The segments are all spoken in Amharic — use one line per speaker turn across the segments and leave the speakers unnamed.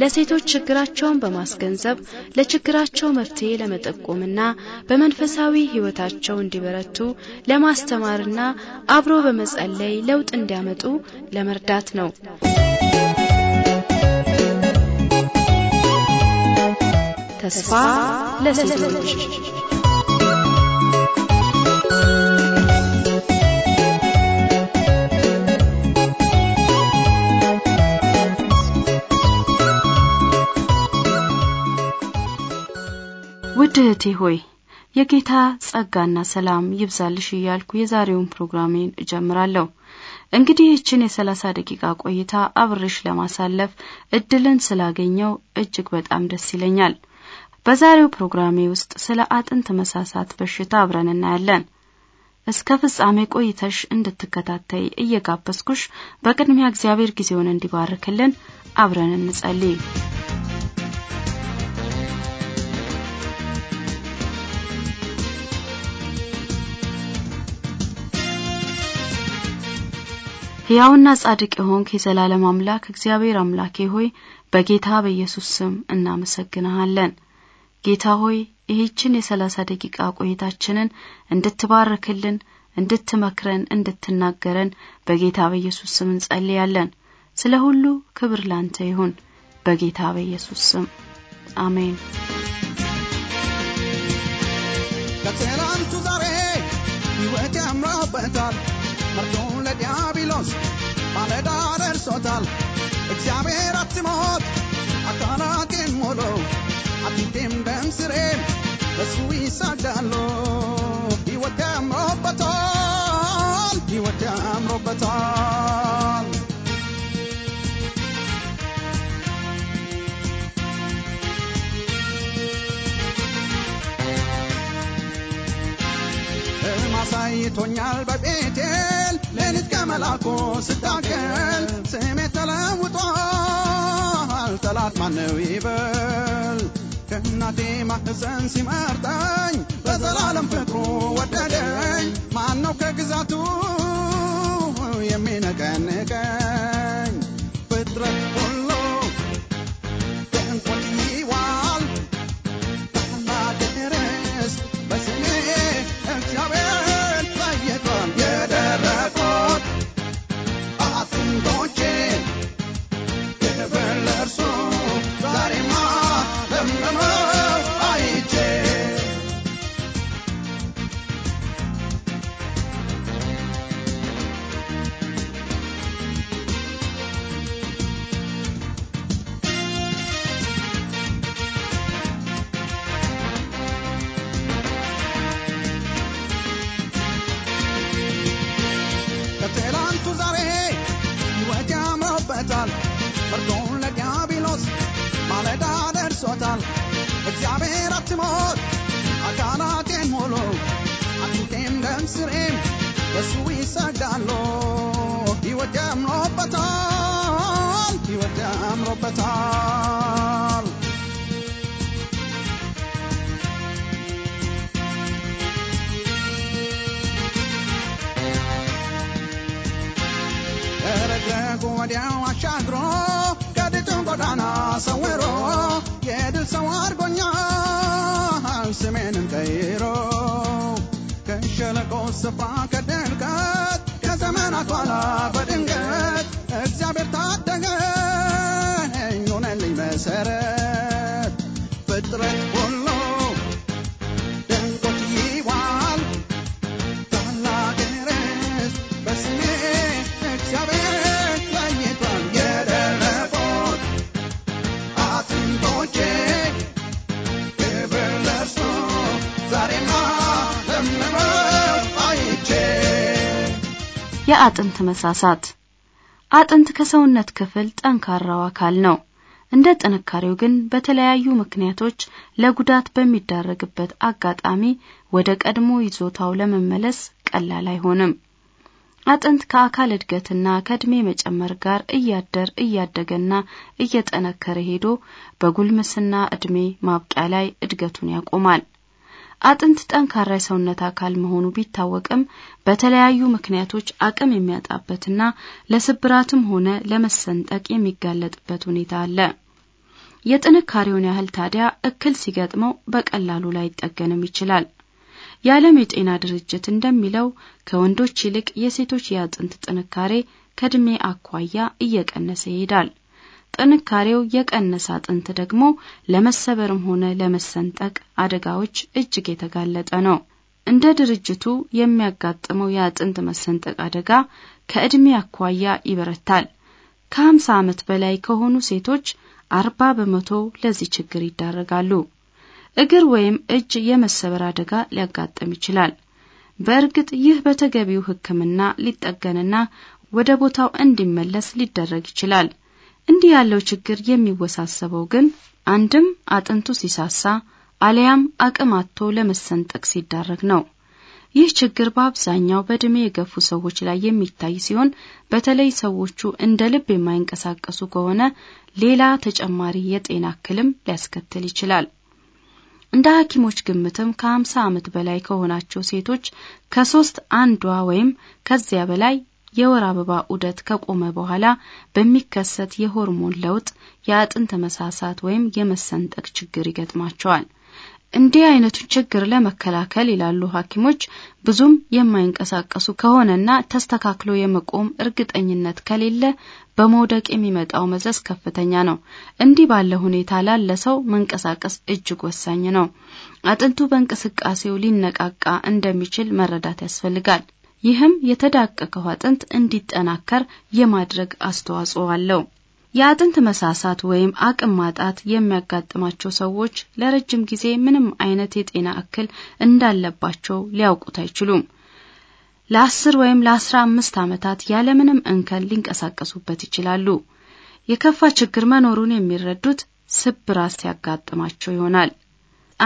ለሴቶች ችግራቸውን በማስገንዘብ ለችግራቸው መፍትሄ ለመጠቆምና በመንፈሳዊ ሕይወታቸው እንዲበረቱ ለማስተማርና አብሮ በመጸለይ ለውጥ እንዲያመጡ ለመርዳት ነው። ተስፋ ለሴቶች ድህቴ ሆይ የጌታ ጸጋና ሰላም ይብዛልሽ እያልኩ የዛሬውን ፕሮግራሜን እጀምራለሁ። እንግዲህ ይህችን የሰላሳ ደቂቃ ቆይታ አብርሽ ለማሳለፍ እድልን ስላገኘው እጅግ በጣም ደስ ይለኛል። በዛሬው ፕሮግራሜ ውስጥ ስለ አጥንት መሳሳት በሽታ አብረን እናያለን። እስከ ፍጻሜ ቆይተሽ እንድትከታተይ እየጋበዝኩሽ፣ በቅድሚያ እግዚአብሔር ጊዜውን እንዲባርክልን አብረን እንጸልይ። ሕያውና ጻድቅ የሆንክ የዘላለም አምላክ እግዚአብሔር አምላኬ ሆይ በጌታ በኢየሱስ ስም እናመሰግንሃለን። ጌታ ሆይ ይህችን የሰላሳ ደቂቃ ቆይታችንን እንድትባርክልን፣ እንድትመክረን፣ እንድትናገረን በጌታ በኢየሱስ ስም እንጸልያለን። ስለ ሁሉ ክብር ላንተ ይሁን በጌታ በኢየሱስ ስም አሜን።
ከትናንቱ ዛሬ ሕይወቴ አምራበታል ዲያብሎስ ማለዳ ደርሶታል። እግዚአብሔር አትሞት አካናቴን ሞሎ አጥንቴም ደም ስሬም በሱ ይሳዳሉ። ሕይወት ያምሮበታል፣ ሕይወት ያምሮበታል። ማሳይቶኛል በቤ ከመላኩ ስታገል ስሜ ተለውጧል። ጠላት ማነው ይበል? ከእናቴ ማህፀን ሲመርጠኝ በዘላለም ፍቅሩ ወደደኝ። ማነው ከግዛቱ የሚነቀንቀኝ? መድረክ ወዲያው አሻግሮ ከድጥም ጎዳና ሰውሮ የድል ሰው አድርጎኛል ስሜንም ቀይሮ ከሸለቆ ስፍራ ከድልቀት ከዘመናት ኋላ በድንገት እግዚአብሔር ታደገኝ ሆነልኝ መሰረት ፍጥረት
የአጥንት መሳሳት አጥንት ከሰውነት ክፍል ጠንካራው አካል ነው። እንደ ጥንካሬው ግን በተለያዩ ምክንያቶች ለጉዳት በሚዳረግበት አጋጣሚ ወደ ቀድሞ ይዞታው ለመመለስ ቀላል አይሆንም። አጥንት ከአካል እድገትና ከእድሜ መጨመር ጋር እያደር እያደገና እየጠነከረ ሄዶ በጉልምስና እድሜ ማብቂያ ላይ እድገቱን ያቆማል። አጥንት ጠንካራ የሰውነት አካል መሆኑ ቢታወቅም በተለያዩ ምክንያቶች አቅም የሚያጣበትና ለስብራትም ሆነ ለመሰንጠቅ የሚጋለጥበት ሁኔታ አለ። የጥንካሬውን ያህል ታዲያ እክል ሲገጥመው በቀላሉ ላይጠገንም ይችላል። የዓለም የጤና ድርጅት እንደሚለው ከወንዶች ይልቅ የሴቶች የአጥንት ጥንካሬ ከዕድሜ አኳያ እየቀነሰ ይሄዳል። ጥንካሬው የቀነሰ አጥንት ደግሞ ለመሰበርም ሆነ ለመሰንጠቅ አደጋዎች እጅግ የተጋለጠ ነው። እንደ ድርጅቱ የሚያጋጥመው የአጥንት መሰንጠቅ አደጋ ከዕድሜ አኳያ ይበረታል። ከ50 ዓመት በላይ ከሆኑ ሴቶች 40 በመቶ ለዚህ ችግር ይዳረጋሉ። እግር ወይም እጅ የመሰበር አደጋ ሊያጋጥም ይችላል። በእርግጥ ይህ በተገቢው ሕክምና ሊጠገንና ወደ ቦታው እንዲመለስ ሊደረግ ይችላል። እንዲህ ያለው ችግር የሚወሳሰበው ግን አንድም አጥንቱ ሲሳሳ አለያም አቅም አጥቶ ለመሰንጠቅ ሲዳረግ ነው። ይህ ችግር በአብዛኛው በእድሜ የገፉ ሰዎች ላይ የሚታይ ሲሆን በተለይ ሰዎቹ እንደ ልብ የማይንቀሳቀሱ ከሆነ ሌላ ተጨማሪ የጤና እክልም ሊያስከትል ይችላል። እንደ ሐኪሞች ግምትም ከ50 ዓመት በላይ ከሆናቸው ሴቶች ከሶስት አንዷ ወይም ከዚያ በላይ የወር አበባ ዑደት ከቆመ በኋላ በሚከሰት የሆርሞን ለውጥ የአጥንት መሳሳት ወይም የመሰንጠቅ ችግር ይገጥማቸዋል። እንዲህ አይነቱን ችግር ለመከላከል ይላሉ ሐኪሞች ብዙም የማይንቀሳቀሱ ከሆነና ተስተካክሎ የመቆም እርግጠኝነት ከሌለ በመውደቅ የሚመጣው መዘዝ ከፍተኛ ነው። እንዲህ ባለ ሁኔታ ላለ ሰው መንቀሳቀስ እጅግ ወሳኝ ነው። አጥንቱ በእንቅስቃሴው ሊነቃቃ እንደሚችል መረዳት ያስፈልጋል። ይህም የተዳቀቀው አጥንት እንዲጠናከር የማድረግ አስተዋጽኦ አለው። የአጥንት መሳሳት ወይም አቅም ማጣት የሚያጋጥማቸው ሰዎች ለረጅም ጊዜ ምንም አይነት የጤና እክል እንዳለባቸው ሊያውቁት አይችሉም። ለአስር ወይም ለአስራ አምስት ዓመታት ያለምንም እንከን ሊንቀሳቀሱበት ይችላሉ። የከፋ ችግር መኖሩን የሚረዱት ስብራት ሲያጋጥማቸው ይሆናል።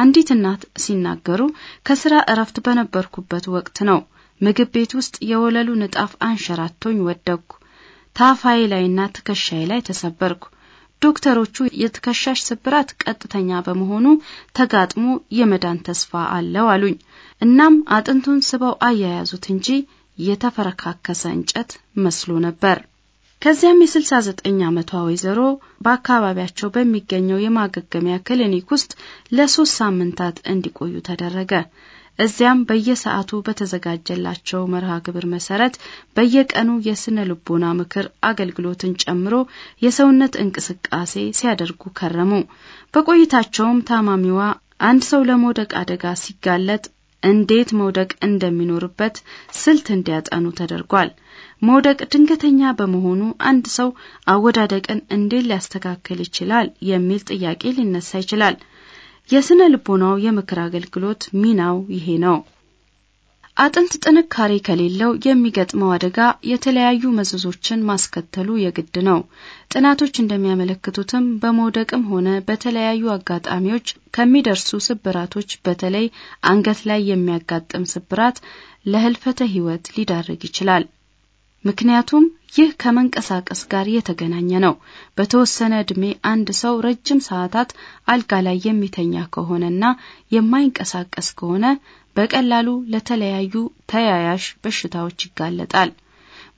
አንዲት እናት ሲናገሩ ከስራ እረፍት በነበርኩበት ወቅት ነው ምግብ ቤት ውስጥ የወለሉ ንጣፍ አንሸራቶኝ ወደቅኩ። ታፋዬ ላይና ትከሻዬ ላይ ተሰበርኩ። ዶክተሮቹ የትከሻሽ ስብራት ቀጥተኛ በመሆኑ ተጋጥሞ የመዳን ተስፋ አለው አሉኝ። እናም አጥንቱን ስበው አያያዙት እንጂ የተፈረካከሰ እንጨት መስሎ ነበር። ከዚያም የ69 ዓመቷ ወይዘሮ በአካባቢያቸው በሚገኘው የማገገሚያ ክሊኒክ ውስጥ ለሶስት ሳምንታት እንዲቆዩ ተደረገ። እዚያም በየሰዓቱ በተዘጋጀላቸው መርሃ ግብር መሰረት በየቀኑ የስነ ልቦና ምክር አገልግሎትን ጨምሮ የሰውነት እንቅስቃሴ ሲያደርጉ ከረሙ። በቆይታቸውም ታማሚዋ አንድ ሰው ለመውደቅ አደጋ ሲጋለጥ እንዴት መውደቅ እንደሚኖርበት ስልት እንዲያጠኑ ተደርጓል። መውደቅ ድንገተኛ በመሆኑ አንድ ሰው አወዳደቅን እንዴት ሊያስተካክል ይችላል የሚል ጥያቄ ሊነሳ ይችላል። የስነ ልቦናው የምክር አገልግሎት ሚናው ይሄ ነው። አጥንት ጥንካሬ ከሌለው የሚገጥመው አደጋ የተለያዩ መዘዞችን ማስከተሉ የግድ ነው። ጥናቶች እንደሚያመለክቱትም በመውደቅም ሆነ በተለያዩ አጋጣሚዎች ከሚደርሱ ስብራቶች በተለይ አንገት ላይ የሚያጋጥም ስብራት ለህልፈተ ህይወት ሊዳርግ ይችላል። ምክንያቱም ይህ ከመንቀሳቀስ ጋር የተገናኘ ነው። በተወሰነ ዕድሜ አንድ ሰው ረጅም ሰዓታት አልጋ ላይ የሚተኛ ከሆነና የማይንቀሳቀስ ከሆነ በቀላሉ ለተለያዩ ተያያዥ በሽታዎች ይጋለጣል።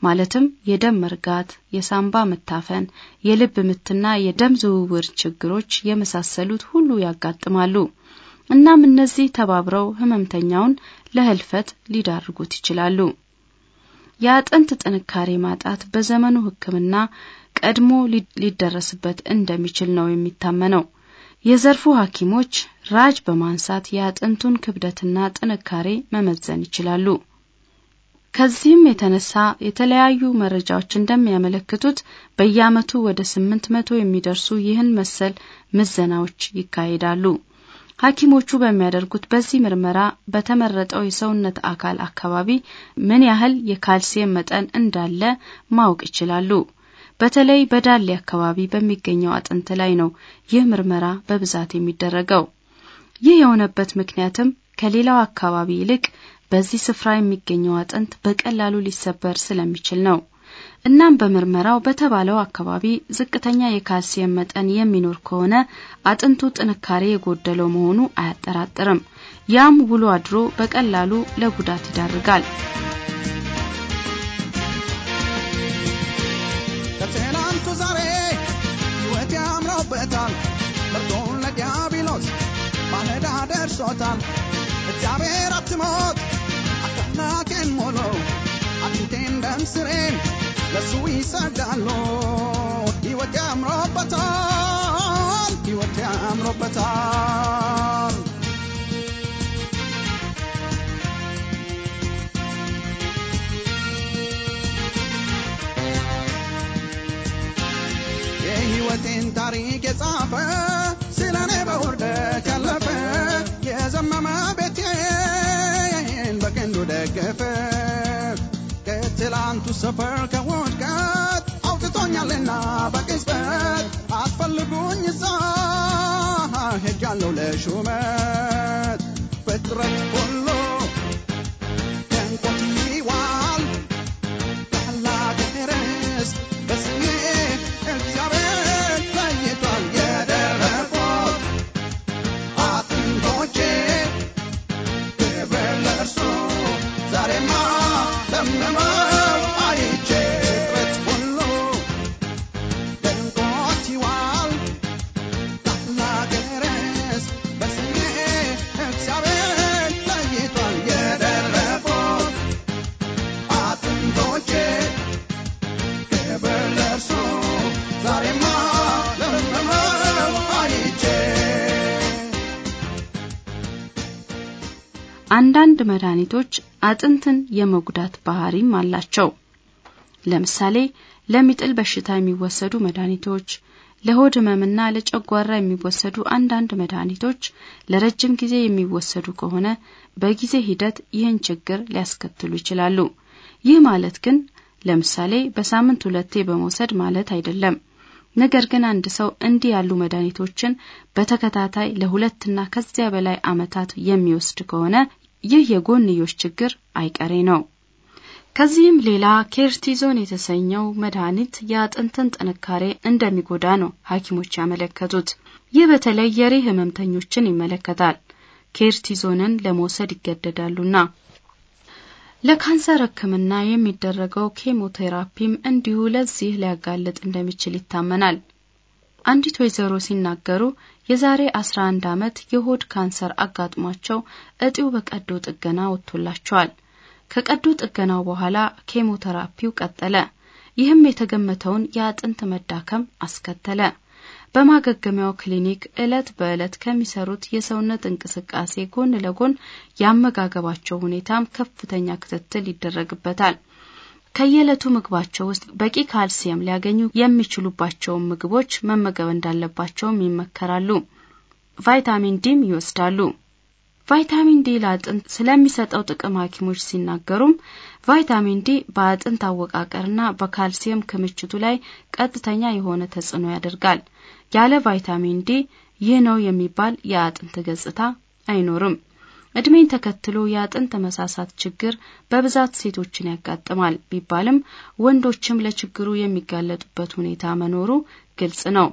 ማለትም የደም መርጋት፣ የሳምባ መታፈን፣ የልብ ምትና የደም ዝውውር ችግሮች የመሳሰሉት ሁሉ ያጋጥማሉ። እናም እነዚህ ተባብረው ህመምተኛውን ለህልፈት ሊዳርጉት ይችላሉ። የአጥንት ጥንካሬ ማጣት በዘመኑ ሕክምና ቀድሞ ሊደረስበት እንደሚችል ነው የሚታመነው። የዘርፉ ሐኪሞች ራጅ በማንሳት የአጥንቱን ክብደትና ጥንካሬ መመዘን ይችላሉ። ከዚህም የተነሳ የተለያዩ መረጃዎች እንደሚያመለክቱት በየዓመቱ ወደ ስምንት መቶ የሚደርሱ ይህን መሰል ምዘናዎች ይካሄዳሉ። ሐኪሞቹ በሚያደርጉት በዚህ ምርመራ በተመረጠው የሰውነት አካል አካባቢ ምን ያህል የካልሲየም መጠን እንዳለ ማወቅ ይችላሉ። በተለይ በዳሌ አካባቢ በሚገኘው አጥንት ላይ ነው ይህ ምርመራ በብዛት የሚደረገው። ይህ የሆነበት ምክንያትም ከሌላው አካባቢ ይልቅ በዚህ ስፍራ የሚገኘው አጥንት በቀላሉ ሊሰበር ስለሚችል ነው። እናም በምርመራው በተባለው አካባቢ ዝቅተኛ የካልሲየም መጠን የሚኖር ከሆነ አጥንቱ ጥንካሬ የጎደለው መሆኑ አያጠራጥርም። ያም ውሎ አድሮ በቀላሉ ለጉዳት ይዳርጋል።
ከትናንቱ ዛሬ ሕይወት ያምረውበታል። መርዶውን ለዲያብሎስ ማለዳ ደርሶታል። እግዚአብሔር አትሞት አካናቴን ሞሎ አጥንቴን ደምስሬን la Suiza gallo i wake amro patan i wake amro patan yehi wate ntari ke safa sila ne baurde kalafa zamma ma betie yehin bakendu to suffer, I won't get out the Tonya Lena instead. At Falabunyza, I had Galo Le Shumet, Petra
መድኃኒቶች አጥንትን የመጉዳት ባህሪም አላቸው። ለምሳሌ ለሚጥል በሽታ የሚወሰዱ መድኃኒቶች፣ ለሆድ ህመምና ለጨጓራ የሚወሰዱ አንዳንድ መድኃኒቶች ለረጅም ጊዜ የሚወሰዱ ከሆነ በጊዜ ሂደት ይህን ችግር ሊያስከትሉ ይችላሉ። ይህ ማለት ግን ለምሳሌ በሳምንት ሁለቴ በመውሰድ ማለት አይደለም። ነገር ግን አንድ ሰው እንዲህ ያሉ መድኃኒቶችን በተከታታይ ለሁለትና ከዚያ በላይ ዓመታት የሚወስድ ከሆነ ይህ የጎንዮሽ ችግር አይቀሬ ነው። ከዚህም ሌላ ኬርቲዞን የተሰኘው መድኃኒት የአጥንትን ጥንካሬ እንደሚጎዳ ነው ሐኪሞች ያመለከቱት። ይህ በተለይ የሬ ህመምተኞችን ይመለከታል። ኬርቲዞንን ለመውሰድ ይገደዳሉና ለካንሰር ሕክምና የሚደረገው ኬሞቴራፒም እንዲሁ ለዚህ ሊያጋልጥ እንደሚችል ይታመናል። አንዲት ወይዘሮ ሲናገሩ የዛሬ 11 ዓመት የሆድ ካንሰር አጋጥሟቸው እጢው በቀዶ ጥገና ወጥቶላቸዋል። ከቀዶ ጥገናው በኋላ ኬሞተራፒው ቀጠለ። ይህም የተገመተውን የአጥንት መዳከም አስከተለ። በማገገሚያው ክሊኒክ ዕለት በዕለት ከሚሰሩት የሰውነት እንቅስቃሴ ጎን ለጎን ያመጋገባቸው ሁኔታም ከፍተኛ ክትትል ይደረግበታል። ከየዕለቱ ምግባቸው ውስጥ በቂ ካልሲየም ሊያገኙ የሚችሉባቸውን ምግቦች መመገብ እንዳለባቸውም ይመከራሉ። ቫይታሚን ዲም ይወስዳሉ። ቫይታሚን ዲ ለአጥንት ስለሚሰጠው ጥቅም ሐኪሞች ሲናገሩም ቫይታሚን ዲ በአጥንት አወቃቀርና በካልሲየም ክምችቱ ላይ ቀጥተኛ የሆነ ተጽዕኖ ያደርጋል። ያለ ቫይታሚን ዲ ይህ ነው የሚባል የአጥንት ገጽታ አይኖርም። እድሜን ተከትሎ የአጥንት መሳሳት ችግር በብዛት ሴቶችን ያጋጥማል ቢባልም ወንዶችም ለችግሩ የሚጋለጡበት ሁኔታ መኖሩ ግልጽ ነው።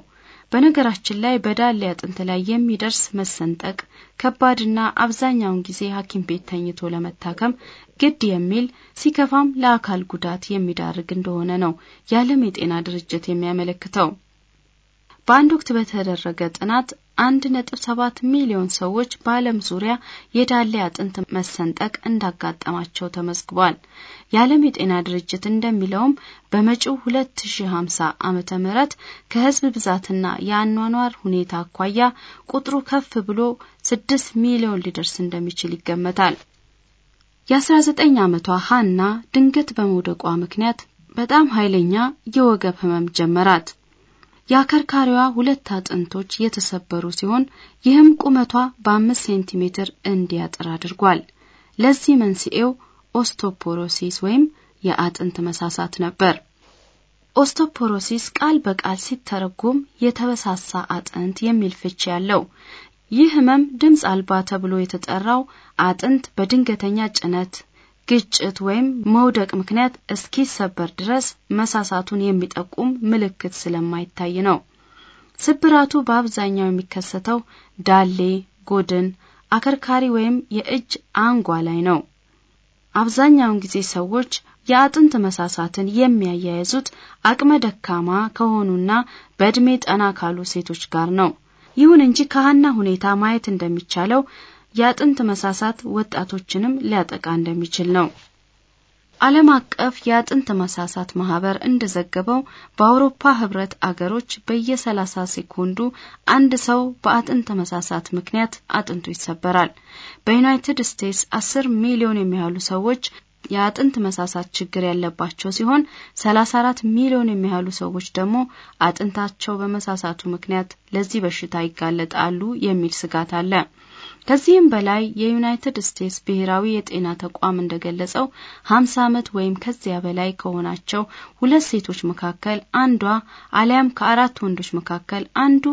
በነገራችን ላይ በዳሌ አጥንት ላይ የሚደርስ መሰንጠቅ ከባድና አብዛኛውን ጊዜ ሐኪም ቤት ተኝቶ ለመታከም ግድ የሚል ሲከፋም ለአካል ጉዳት የሚዳርግ እንደሆነ ነው የዓለም የጤና ድርጅት የሚያመለክተው። በአንድ ወቅት በተደረገ ጥናት አንድ ነጥብ ሰባት ሚሊዮን ሰዎች በዓለም ዙሪያ የዳሌ አጥንት መሰንጠቅ እንዳጋጠማቸው ተመዝግቧል። የዓለም የጤና ድርጅት እንደሚለውም በመጪው 2050 ዓመተ ምህረት ከህዝብ ብዛትና የአኗኗር ሁኔታ አኳያ ቁጥሩ ከፍ ብሎ 6 ሚሊዮን ሊደርስ እንደሚችል ይገመታል። የ19 ዓመቷ ሃና ድንገት በመውደቋ ምክንያት በጣም ኃይለኛ የወገብ ህመም ጀመራት። የአከርካሪዋ ሁለት አጥንቶች የተሰበሩ ሲሆን ይህም ቁመቷ በአምስት ሴንቲሜትር እንዲያጥር አድርጓል። ለዚህ መንስኤው ኦስቶፖሮሲስ ወይም የአጥንት መሳሳት ነበር። ኦስቶፖሮሲስ ቃል በቃል ሲተረጎም የተበሳሳ አጥንት የሚል ፍች ያለው ይህ ህመም ድምፅ አልባ ተብሎ የተጠራው አጥንት በድንገተኛ ጭነት ግጭት ወይም መውደቅ ምክንያት እስኪሰበር ድረስ መሳሳቱን የሚጠቁም ምልክት ስለማይታይ ነው። ስብራቱ በአብዛኛው የሚከሰተው ዳሌ፣ ጎድን፣ አከርካሪ ወይም የእጅ አንጓ ላይ ነው። አብዛኛውን ጊዜ ሰዎች የአጥንት መሳሳትን የሚያያይዙት አቅመ ደካማ ከሆኑና በእድሜ ጠና ካሉ ሴቶች ጋር ነው። ይሁን እንጂ ከሀና ሁኔታ ማየት እንደሚቻለው የአጥንት መሳሳት ወጣቶችንም ሊያጠቃ እንደሚችል ነው። ዓለም አቀፍ የአጥንት መሳሳት ማህበር እንደዘገበው በአውሮፓ ህብረት አገሮች በየ30 ሴኮንዱ አንድ ሰው በአጥንት መሳሳት ምክንያት አጥንቱ ይሰበራል። በዩናይትድ ስቴትስ 10 ሚሊዮን የሚያሉ ሰዎች የአጥንት መሳሳት ችግር ያለባቸው ሲሆን 34 ሚሊዮን የሚያሉ ሰዎች ደግሞ አጥንታቸው በመሳሳቱ ምክንያት ለዚህ በሽታ ይጋለጣሉ የሚል ስጋት አለ። ከዚህም በላይ የዩናይትድ ስቴትስ ብሔራዊ የጤና ተቋም እንደገለጸው ሀምሳ ዓመት ወይም ከዚያ በላይ ከሆናቸው ሁለት ሴቶች መካከል አንዷ አሊያም ከአራት ወንዶች መካከል አንዱ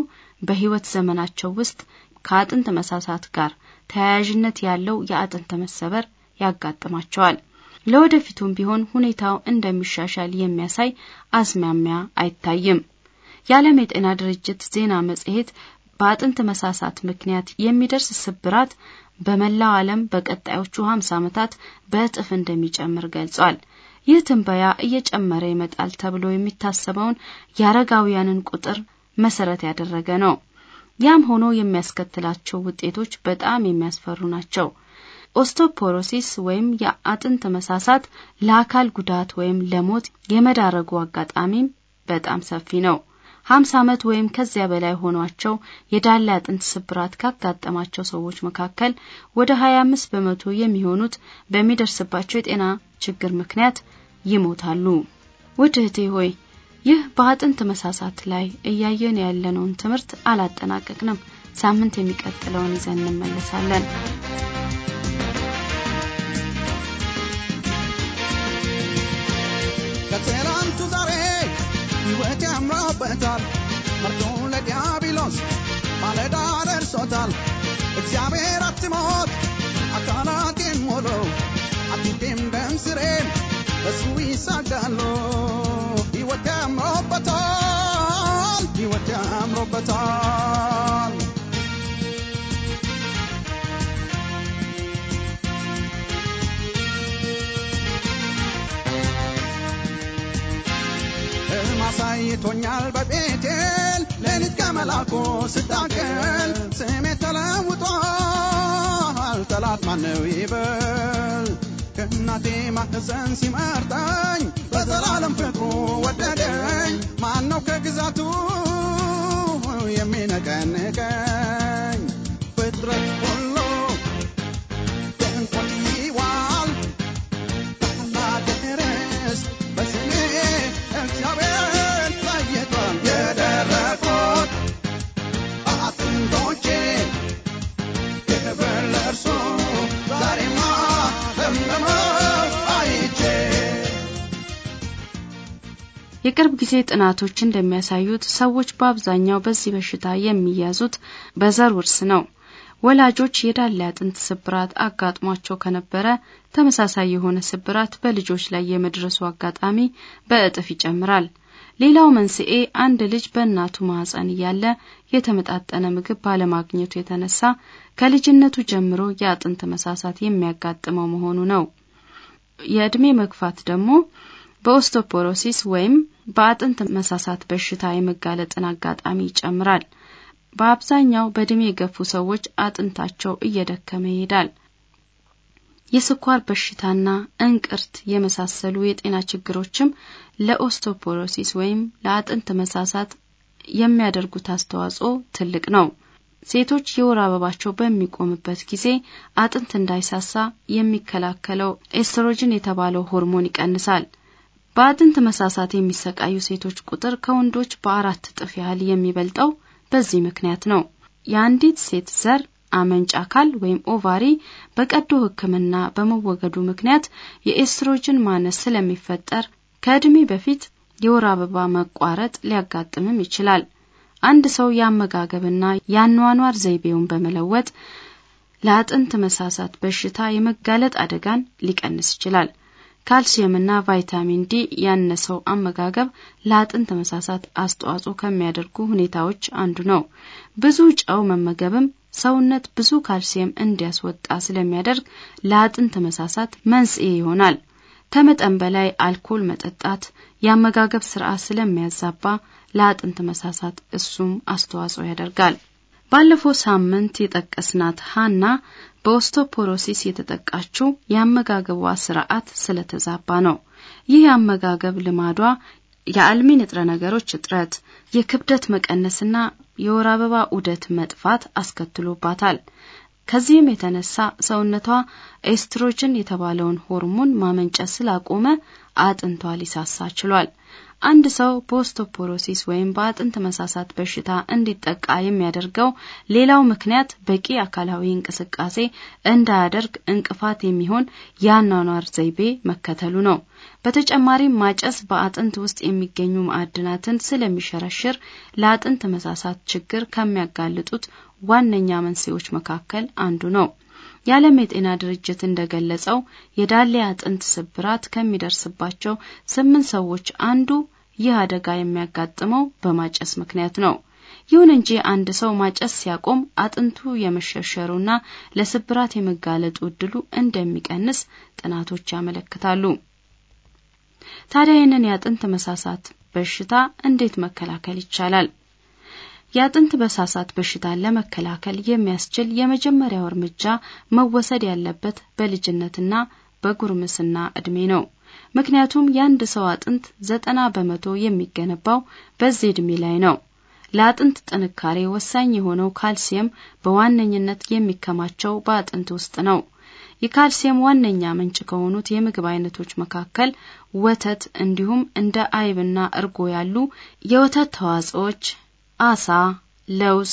በሕይወት ዘመናቸው ውስጥ ከአጥንት መሳሳት ጋር ተያያዥነት ያለው የአጥንት መሰበር ያጋጥማቸዋል። ለወደፊቱም ቢሆን ሁኔታው እንደሚሻሻል የሚያሳይ አዝማሚያ አይታይም። የዓለም የጤና ድርጅት ዜና መጽሔት በአጥንት መሳሳት ምክንያት የሚደርስ ስብራት በመላው ዓለም በቀጣዮቹ 50 ዓመታት በእጥፍ እንደሚጨምር ገልጿል። ይህ ትንበያ እየጨመረ ይመጣል ተብሎ የሚታሰበውን የአረጋውያንን ቁጥር መሰረት ያደረገ ነው። ያም ሆኖ የሚያስከትላቸው ውጤቶች በጣም የሚያስፈሩ ናቸው። ኦስቶፖሮሲስ ወይም የአጥንት መሳሳት ለአካል ጉዳት ወይም ለሞት የመዳረጉ አጋጣሚም በጣም ሰፊ ነው። ሀምሳ ዓመት ወይም ከዚያ በላይ ሆኗቸው የዳላ አጥንት ስብራት ካጋጠማቸው ሰዎች መካከል ወደ ሀያ አምስት በመቶ የሚሆኑት በሚደርስባቸው የጤና ችግር ምክንያት ይሞታሉ። ውድ እህቴ ሆይ ይህ በአጥንት መሳሳት ላይ እያየን ያለነውን ትምህርት አላጠናቀቅንም። ሳምንት የሚቀጥለውን ይዘን እንመለሳለን።
ተጨምሮበታል መርዶ ለዲያብሎስ ማለዳ ደርሶታል እግዚአብሔር አትሞት አካላቴን ሞሎ አጥንቴም ደም ስሬም እሱ ይሳጋሉ ሕይወት ያምሮበታል ሕይወት ያምሮበታል ለይቶኛል በቤቴል ሌሊት ከመላኩ ስታገል ስሜ ተለውጧል ጠላት ማነው ይበል ከእናቴ ማህፀን ሲመርጠኝ በዘላለም ፍቅሩ ወደደኝ ማነው ከግዛቱ የሚነቀንቀኝ ፍጥረት ሁሉ
የቅርብ ጊዜ ጥናቶች እንደሚያሳዩት ሰዎች በአብዛኛው በዚህ በሽታ የሚያዙት በዘር ውርስ ነው። ወላጆች የዳሌ አጥንት ስብራት አጋጥሟቸው ከነበረ ተመሳሳይ የሆነ ስብራት በልጆች ላይ የመድረሱ አጋጣሚ በእጥፍ ይጨምራል። ሌላው መንስኤ አንድ ልጅ በእናቱ ማህፀን እያለ የተመጣጠነ ምግብ ባለማግኘቱ የተነሳ ከልጅነቱ ጀምሮ የአጥንት መሳሳት የሚያጋጥመው መሆኑ ነው። የእድሜ መግፋት ደግሞ በኦስቶፖሮሲስ ወይም በአጥንት መሳሳት በሽታ የመጋለጥን አጋጣሚ ይጨምራል። በአብዛኛው በእድሜ የገፉ ሰዎች አጥንታቸው እየደከመ ይሄዳል። የስኳር በሽታና እንቅርት የመሳሰሉ የጤና ችግሮችም ለኦስቶፖሮሲስ ወይም ለአጥንት መሳሳት የሚያደርጉት አስተዋጽኦ ትልቅ ነው። ሴቶች የወር አበባቸው በሚቆምበት ጊዜ አጥንት እንዳይሳሳ የሚከላከለው ኤስትሮጅን የተባለው ሆርሞን ይቀንሳል። በአጥንት መሳሳት የሚሰቃዩ ሴቶች ቁጥር ከወንዶች በአራት እጥፍ ያህል የሚበልጠው በዚህ ምክንያት ነው። የአንዲት ሴት ዘር አመንጭ አካል ወይም ኦቫሪ በቀዶ ሕክምና በመወገዱ ምክንያት የኤስትሮጅን ማነስ ስለሚፈጠር ከዕድሜ በፊት የወር አበባ መቋረጥ ሊያጋጥምም ይችላል። አንድ ሰው የአመጋገብና የአኗኗር ዘይቤውን በመለወጥ ለአጥንት መሳሳት በሽታ የመጋለጥ አደጋን ሊቀንስ ይችላል። ካልሲየምና ቫይታሚን ዲ ያነሰው አመጋገብ ለአጥንት መሳሳት አስተዋጽኦ ከሚያደርጉ ሁኔታዎች አንዱ ነው። ብዙ ጨው መመገብም ሰውነት ብዙ ካልሲየም እንዲያስወጣ ስለሚያደርግ ለአጥንት መሳሳት መንስኤ ይሆናል። ከመጠን በላይ አልኮል መጠጣት የአመጋገብ ስርዓት ስለሚያዛባ ለአጥንት መሳሳት እሱም አስተዋጽኦ ያደርጋል። ባለፈው ሳምንት የጠቀስናት ሀና በኦስቶፖሮሲስ የተጠቃችው የአመጋገቧ ስርዓት ስለተዛባ ነው። ይህ የአመጋገብ ልማዷ የአልሚ ንጥረ ነገሮች እጥረት፣ የክብደት መቀነስና የወር አበባ ዑደት መጥፋት አስከትሎባታል። ከዚህም የተነሳ ሰውነቷ ኤስትሮጅን የተባለውን ሆርሞን ማመንጨት ስላቆመ አጥንቷ ሊሳሳ ችሏል። አንድ ሰው በኦስቶፖሮሲስ ወይም በአጥንት መሳሳት በሽታ እንዲጠቃ የሚያደርገው ሌላው ምክንያት በቂ አካላዊ እንቅስቃሴ እንዳያደርግ እንቅፋት የሚሆን የአኗኗር ዘይቤ መከተሉ ነው። በተጨማሪም ማጨስ በአጥንት ውስጥ የሚገኙ ማዕድናትን ስለሚሸረሽር ለአጥንት መሳሳት ችግር ከሚያጋልጡት ዋነኛ መንስኤዎች መካከል አንዱ ነው። የዓለም የጤና ድርጅት እንደገለጸው የዳሌ አጥንት ስብራት ከሚደርስባቸው ስምንት ሰዎች አንዱ ይህ አደጋ የሚያጋጥመው በማጨስ ምክንያት ነው። ይሁን እንጂ አንድ ሰው ማጨስ ሲያቆም አጥንቱ የመሸርሸሩና ለስብራት የመጋለጡ እድሉ እንደሚቀንስ ጥናቶች ያመለክታሉ። ታዲያ ይህንን የአጥንት መሳሳት በሽታ እንዴት መከላከል ይቻላል? የአጥንት በሳሳት በሽታን ለመከላከል የሚያስችል የመጀመሪያው እርምጃ መወሰድ ያለበት በልጅነትና በጉርምስና ዕድሜ ነው። ምክንያቱም የአንድ ሰው አጥንት ዘጠና በመቶ የሚገነባው በዚህ ዕድሜ ላይ ነው። ለአጥንት ጥንካሬ ወሳኝ የሆነው ካልሲየም በዋነኝነት የሚከማቸው በአጥንት ውስጥ ነው። የካልሲየም ዋነኛ ምንጭ ከሆኑት የምግብ አይነቶች መካከል ወተት እንዲሁም እንደ አይብና እርጎ ያሉ የወተት ተዋጽዎች። አሳ፣ ለውዝ፣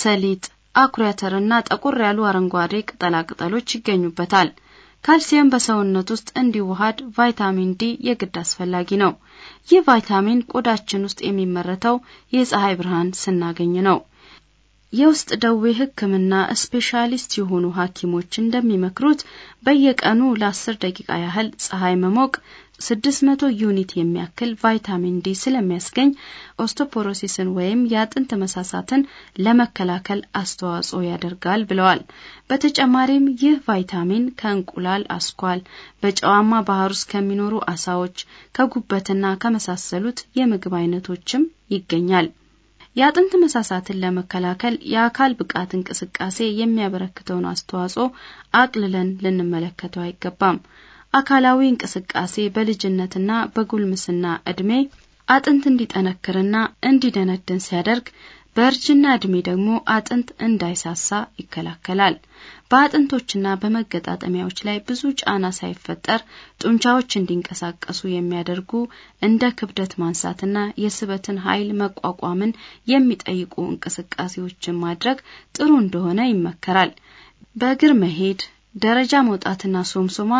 ሰሊጥ፣ አኩሪ እና ጠቆር ያሉ አረንጓዴ ቅጠላቅጠሎች ይገኙበታል። ካልሲየም በሰውነት ውስጥ እንዲዋሃድ ቫይታሚን ዲ የግድ አስፈላጊ ነው። ይህ ቫይታሚን ቆዳችን ውስጥ የሚመረተው የፀሐይ ብርሃን ስናገኝ ነው። የውስጥ ደዌ ሕክምና ስፔሻሊስት የሆኑ ሐኪሞች እንደሚመክሩት በየቀኑ ለአስር ደቂቃ ያህል ፀሐይ መሞቅ ስድስት መቶ ዩኒት የሚያክል ቫይታሚን ዲ ስለሚያስገኝ ኦስቶፖሮሲስን ወይም የአጥንት መሳሳትን ለመከላከል አስተዋጽኦ ያደርጋል ብለዋል። በተጨማሪም ይህ ቫይታሚን ከእንቁላል አስኳል፣ በጨዋማ ባህር ውስጥ ከሚኖሩ አሳዎች፣ ከጉበትና ከመሳሰሉት የምግብ አይነቶችም ይገኛል። የአጥንት መሳሳትን ለመከላከል የአካል ብቃት እንቅስቃሴ የሚያበረክተውን አስተዋጽኦ አቅልለን ልንመለከተው አይገባም። አካላዊ እንቅስቃሴ በልጅነትና በጉልምስና ዕድሜ አጥንት እንዲጠነክርና እንዲደነድን ሲያደርግ በእርጅና ዕድሜ ደግሞ አጥንት እንዳይሳሳ ይከላከላል። በአጥንቶችና በመገጣጠሚያዎች ላይ ብዙ ጫና ሳይፈጠር ጡንቻዎች እንዲንቀሳቀሱ የሚያደርጉ እንደ ክብደት ማንሳትና የስበትን ኃይል መቋቋምን የሚጠይቁ እንቅስቃሴዎችን ማድረግ ጥሩ እንደሆነ ይመከራል። በእግር መሄድ፣ ደረጃ መውጣትና ሶምሶማ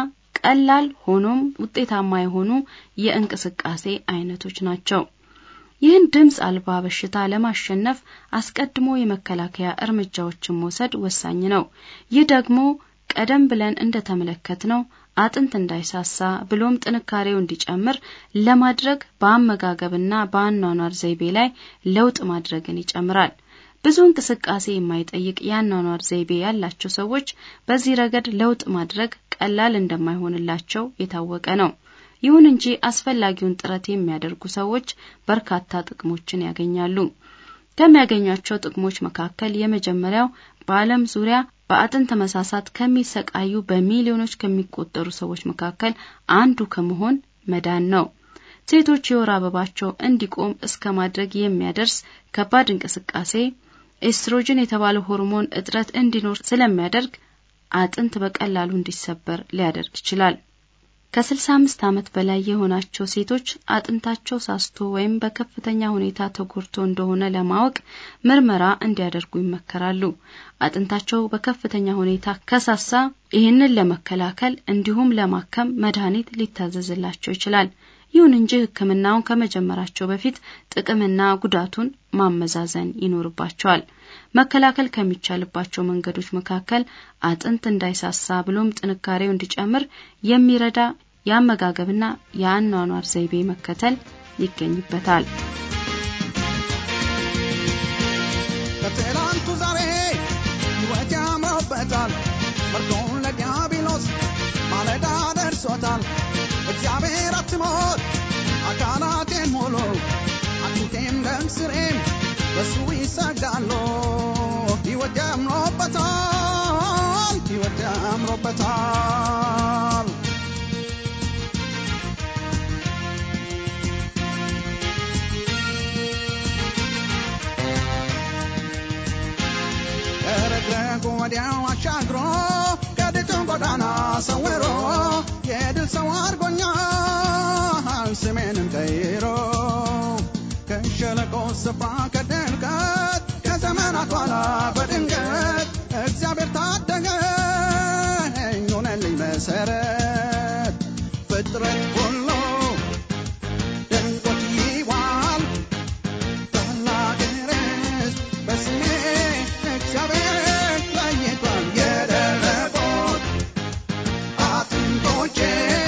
ቀላል ሆኖም ውጤታማ የሆኑ የእንቅስቃሴ አይነቶች ናቸው። ይህን ድምፅ አልባ በሽታ ለማሸነፍ አስቀድሞ የመከላከያ እርምጃዎችን መውሰድ ወሳኝ ነው። ይህ ደግሞ ቀደም ብለን እንደተመለከትነው አጥንት እንዳይሳሳ ብሎም ጥንካሬው እንዲጨምር ለማድረግ በአመጋገብና በአኗኗር ዘይቤ ላይ ለውጥ ማድረግን ይጨምራል። ብዙ እንቅስቃሴ የማይጠይቅ የአኗኗር ዘይቤ ያላቸው ሰዎች በዚህ ረገድ ለውጥ ማድረግ ቀላል እንደማይሆንላቸው የታወቀ ነው። ይሁን እንጂ አስፈላጊውን ጥረት የሚያደርጉ ሰዎች በርካታ ጥቅሞችን ያገኛሉ። ከሚያገኟቸው ጥቅሞች መካከል የመጀመሪያው በዓለም ዙሪያ በአጥንት መሳሳት ከሚሰቃዩ በሚሊዮኖች ከሚቆጠሩ ሰዎች መካከል አንዱ ከመሆን መዳን ነው። ሴቶች የወር አበባቸው እንዲቆም እስከ ማድረግ የሚያደርስ ከባድ እንቅስቃሴ ኤስትሮጅን የተባለው ሆርሞን እጥረት እንዲኖር ስለሚያደርግ አጥንት በቀላሉ እንዲሰበር ሊያደርግ ይችላል። ከ ከ65 ዓመት በላይ የሆናቸው ሴቶች አጥንታቸው ሳስቶ ወይም በከፍተኛ ሁኔታ ተጎድቶ እንደሆነ ለማወቅ ምርመራ እንዲያደርጉ ይመከራሉ። አጥንታቸው በከፍተኛ ሁኔታ ከሳሳ ይህንን ለመከላከል እንዲሁም ለማከም መድኃኒት ሊታዘዝላቸው ይችላል። ይሁን እንጂ ሕክምናውን ከመጀመራቸው በፊት ጥቅምና ጉዳቱን ማመዛዘን ይኖርባቸዋል። መከላከል ከሚቻልባቸው መንገዶች መካከል አጥንት እንዳይሳሳ ብሎም ጥንካሬው እንዲጨምር የሚረዳ የአመጋገብና የአኗኗር ዘይቤ መከተል ይገኝበታል።
ከትላንቱ
ዛሬ ሕይወት ያምረውበታል።
መርዶውን ለዲያብሎስ ማለዳ ደርሶታል። እግዚአብሔር አትሞት አካላቴን ሞሎ አጥንቴም ደም ስሬም በሱ ይሰግዳሉ ሕይወት ያምሮበታል ሕይወት ያምሮበታል ረግረጉ ወዲያው አሻግሮ ከድቅም ጎዳና ሰውሮ የድል ሰው አድርጎኛል ስሜንም ቀይሮ ከሸለቆ ስፍራ ከድንቀት ከዘመናት ኋላ በድንገት እግዚአብሔር ታደገ ሆነልኝ መሰረት noche.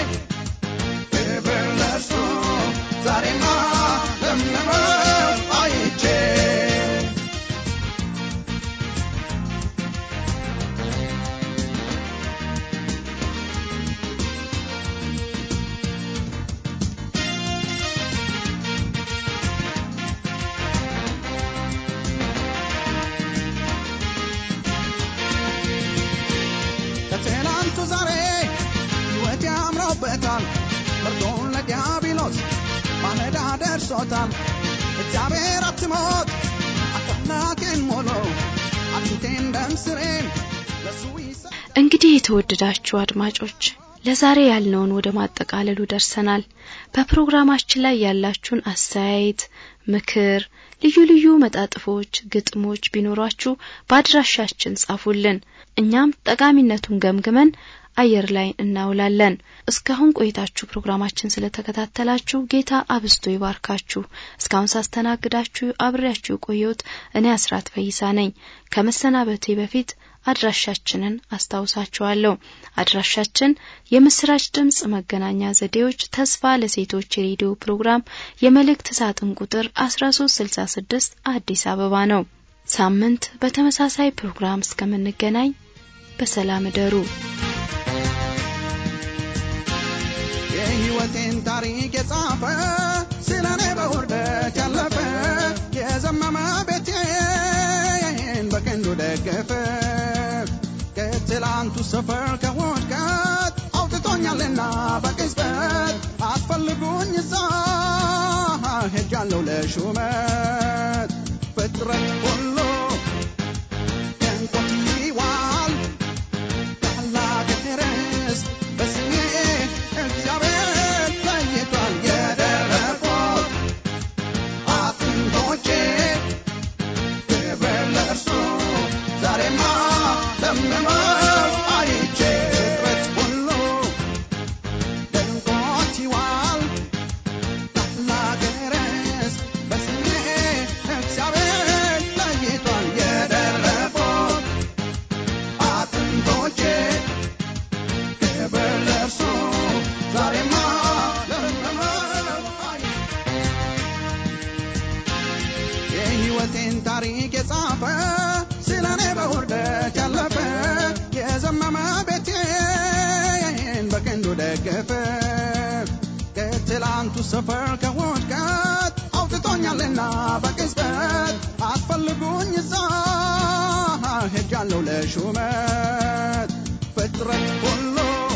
የተወደዳችሁ አድማጮች ለዛሬ ያልነውን ወደ ማጠቃለሉ ደርሰናል። በፕሮግራማችን ላይ ያላችሁን አስተያየት፣ ምክር፣ ልዩ ልዩ መጣጥፎች፣ ግጥሞች ቢኖሯችሁ በአድራሻችን ጻፉልን። እኛም ጠቃሚነቱን ገምግመን አየር ላይ እናውላለን። እስካሁን ቆይታችሁ ፕሮግራማችን ስለተከታተላችሁ ጌታ አብስቶ ይባርካችሁ። እስካሁን ሳስተናግዳችሁ አብሬያችሁ ቆየሁት እኔ አስራት ፈይሳ ነኝ። ከመሰናበቴ በፊት አድራሻችንን አስታውሳችኋለሁ። አድራሻችን የምስራች ድምጽ መገናኛ ዘዴዎች ተስፋ ለሴቶች የሬዲዮ ፕሮግራም የመልእክት ሳጥን ቁጥር 1366 አዲስ አበባ ነው። ሳምንት በተመሳሳይ ፕሮግራም እስከምንገናኝ በሰላም እደሩ።
የሕይወቴን ታሪክ የጻፈ ስለ እኔ በውርደት ያለፈ የዘመመ ቤቴን በቀንዱ ደገፈ ከትላንቱ ሰፈር ከወድቀት አውጥቶኛልና በቅጽበት አስፈልጉኝ እዛ ሄጃለሁ ለሹመት ፍጥረት ሁሉ كفاف قتل عنتو السفر كوشكات أو تطوني علينا بكسبات عتفلقوني الزهر هجعلوا لشومات فترة كله